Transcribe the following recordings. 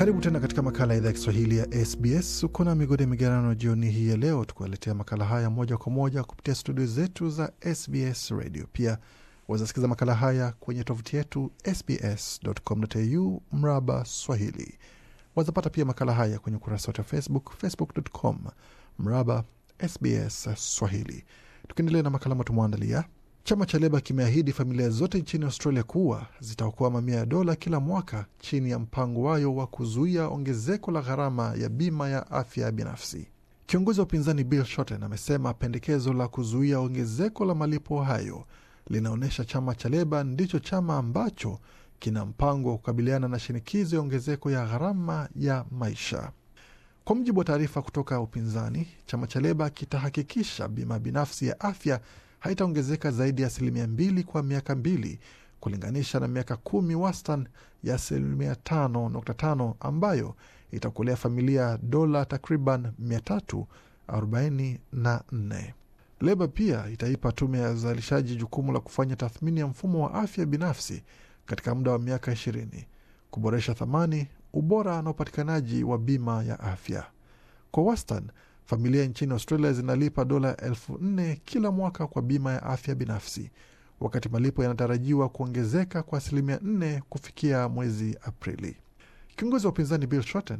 Karibu tena katika makala ya idhaa ya Kiswahili ya SBS. Uko na migode migerano jioni hii ya leo, tukuwaletea makala haya moja kwa moja kupitia studio zetu za SBS Radio. Pia wazasikiza makala haya kwenye tovuti yetu sbs.com.au mraba swahili. Wazapata pia makala haya kwenye ukurasa wetu wa Facebook, facebook.com mraba sbs swahili. Tukiendelea na makala matumwandalia Chama cha Leba kimeahidi familia zote nchini Australia kuwa zitaokoa mamia ya dola kila mwaka chini ya mpango wayo wa kuzuia ongezeko la gharama ya bima ya afya ya binafsi. Kiongozi wa upinzani Bill Shorten amesema pendekezo la kuzuia ongezeko la malipo hayo linaonyesha chama cha Leba ndicho chama ambacho kina mpango wa kukabiliana na shinikizo ya ongezeko ya gharama ya maisha. Kwa mujibu wa taarifa kutoka upinzani, chama cha Leba kitahakikisha bima binafsi ya afya haitaongezeka zaidi ya asilimia mbili kwa miaka mbili kulinganisha na miaka kumi wastan ya asilimia tano nukta tano ambayo itakulea familia dola takriban mia tatu arobaini na nne. Leba pia itaipa tume ya uzalishaji jukumu la kufanya tathmini ya mfumo wa afya binafsi katika muda wa miaka ishirini, kuboresha thamani, ubora na upatikanaji wa bima ya afya kwa wastani. Familia nchini Australia zinalipa dola elfu nne kila mwaka kwa bima ya afya binafsi, wakati malipo yanatarajiwa kuongezeka kwa asilimia nne kufikia mwezi Aprili. Kiongozi wa upinzani Bill Shorten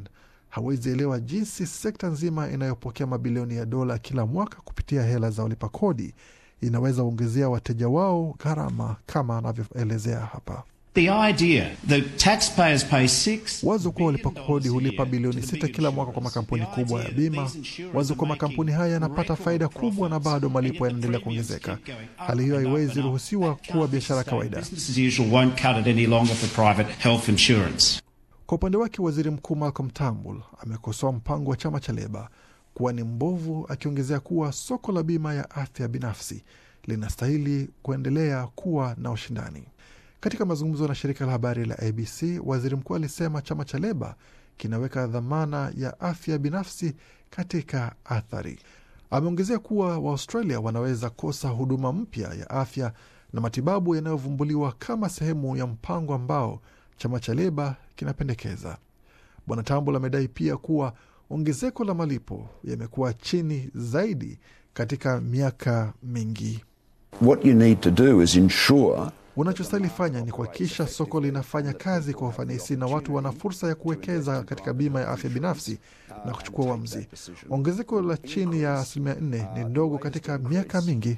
hawezi elewa jinsi sekta nzima inayopokea mabilioni ya dola kila mwaka kupitia hela za walipa kodi inaweza ongezea wateja wao gharama kama anavyoelezea hapa. The idea, taxpayers pay six, wazo kuwa walipa kodi hulipa bilioni sita kila mwaka kwa makampuni kubwa ya bima. Wazo kuwa makampuni haya yanapata faida kubwa na bado malipo yanaendelea kuongezeka. Hali hiyo haiwezi ruhusiwa kuwa biashara kawaida. Kwa upande wake, waziri mkuu Malcolm Turnbull amekosoa mpango wa chama cha Leba kuwa ni mbovu, akiongezea kuwa soko la bima ya afya binafsi linastahili kuendelea kuwa na ushindani. Katika mazungumzo na shirika la habari la ABC, waziri mkuu alisema chama cha Leba kinaweka dhamana ya afya binafsi katika athari. Ameongezea kuwa Waaustralia wanaweza kosa huduma mpya ya afya na matibabu yanayovumbuliwa kama sehemu ya mpango ambao chama cha Leba kinapendekeza. Bwana Tambul amedai pia kuwa ongezeko la malipo yamekuwa chini zaidi katika miaka mingi. What you need to do is ensure Unachostahili fanya ni kuhakikisha soko linafanya kazi kwa ufanisi na watu wana fursa ya kuwekeza katika bima ya afya binafsi na kuchukua uamuzi. Ongezeko la chini ya asilimia nne ni ndogo katika miaka mingi.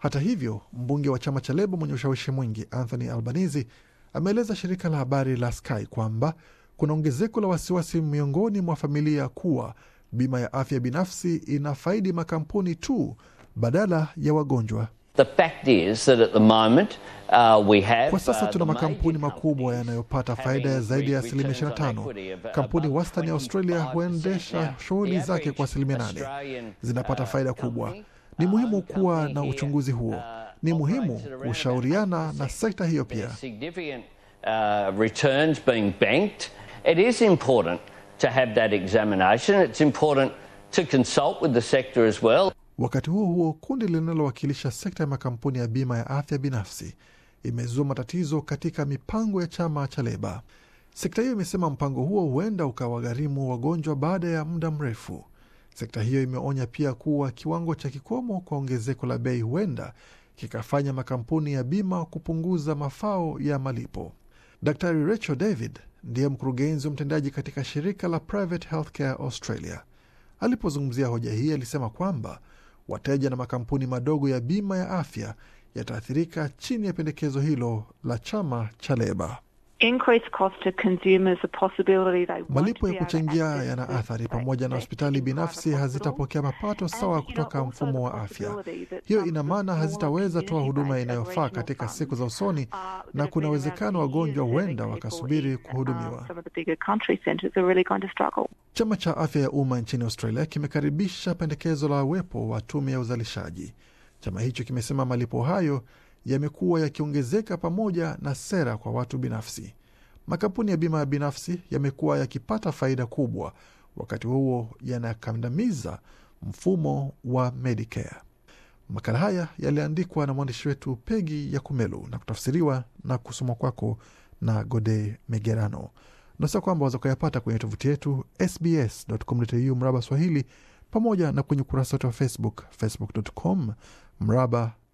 Hata hivyo, mbunge wa chama cha Lebo mwenye ushawishi mwingi Anthony Albanese ameeleza shirika la habari la Sky kwamba kuna ongezeko la wasiwasi miongoni mwa familia kuwa bima ya afya binafsi inafaidi makampuni tu badala ya wagonjwa. The fact is that at the moment, uh, we have, kwa sasa uh, tuna makampuni makubwa yanayopata faida ya zaidi ya asilimia 25. Kampuni wastani ya Australia huendesha shughuli zake kwa asilimia nane zinapata uh, faida kubwa. Uh, ni muhimu kuwa na uchunguzi huo, ni muhimu kushauriana na sekta hiyo pia. to have that examination. It's important to consult with the sector as well. Wakati huo huo, kundi linalowakilisha sekta ya makampuni ya bima ya afya binafsi imezua matatizo katika mipango ya chama cha Leba. Sekta hiyo imesema mpango huo huenda ukawagharimu wagonjwa baada ya muda mrefu. Sekta hiyo imeonya pia kuwa kiwango cha kikomo kwa ongezeko la bei huenda kikafanya makampuni ya bima kupunguza mafao ya malipo. Daktari Rachel David ndiye mkurugenzi wa mtendaji katika shirika la Private Healthcare Australia. Alipozungumzia hoja hii, alisema kwamba wateja na makampuni madogo ya bima ya afya yataathirika chini ya pendekezo hilo la chama cha Leba. Malipo ya kuchangia yana athari pamoja na hospitali binafsi hazitapokea mapato sawa kutoka mfumo wa afya. Hiyo ina maana hazitaweza toa huduma inayofaa katika siku za usoni, na kuna uwezekano wagonjwa huenda wakasubiri kuhudumiwa. Chama cha afya ya umma nchini Australia kimekaribisha pendekezo la uwepo wa tume ya uzalishaji. Chama hicho kimesema malipo hayo yamekuwa yakiongezeka pamoja na sera kwa watu binafsi. Makampuni ya bima ya binafsi yamekuwa yakipata faida kubwa, wakati huo yanakandamiza mfumo wa Medicare. Makala haya yaliandikwa na mwandishi wetu Pegi ya Kumelu na kutafsiriwa na kusomwa kwako na Gode megerano Nasa kwamba waweza kuyapata kwenye tovuti yetu sbs.com.au mraba Swahili, pamoja na kwenye ukurasa wetu wa Facebook, facebook.com mraba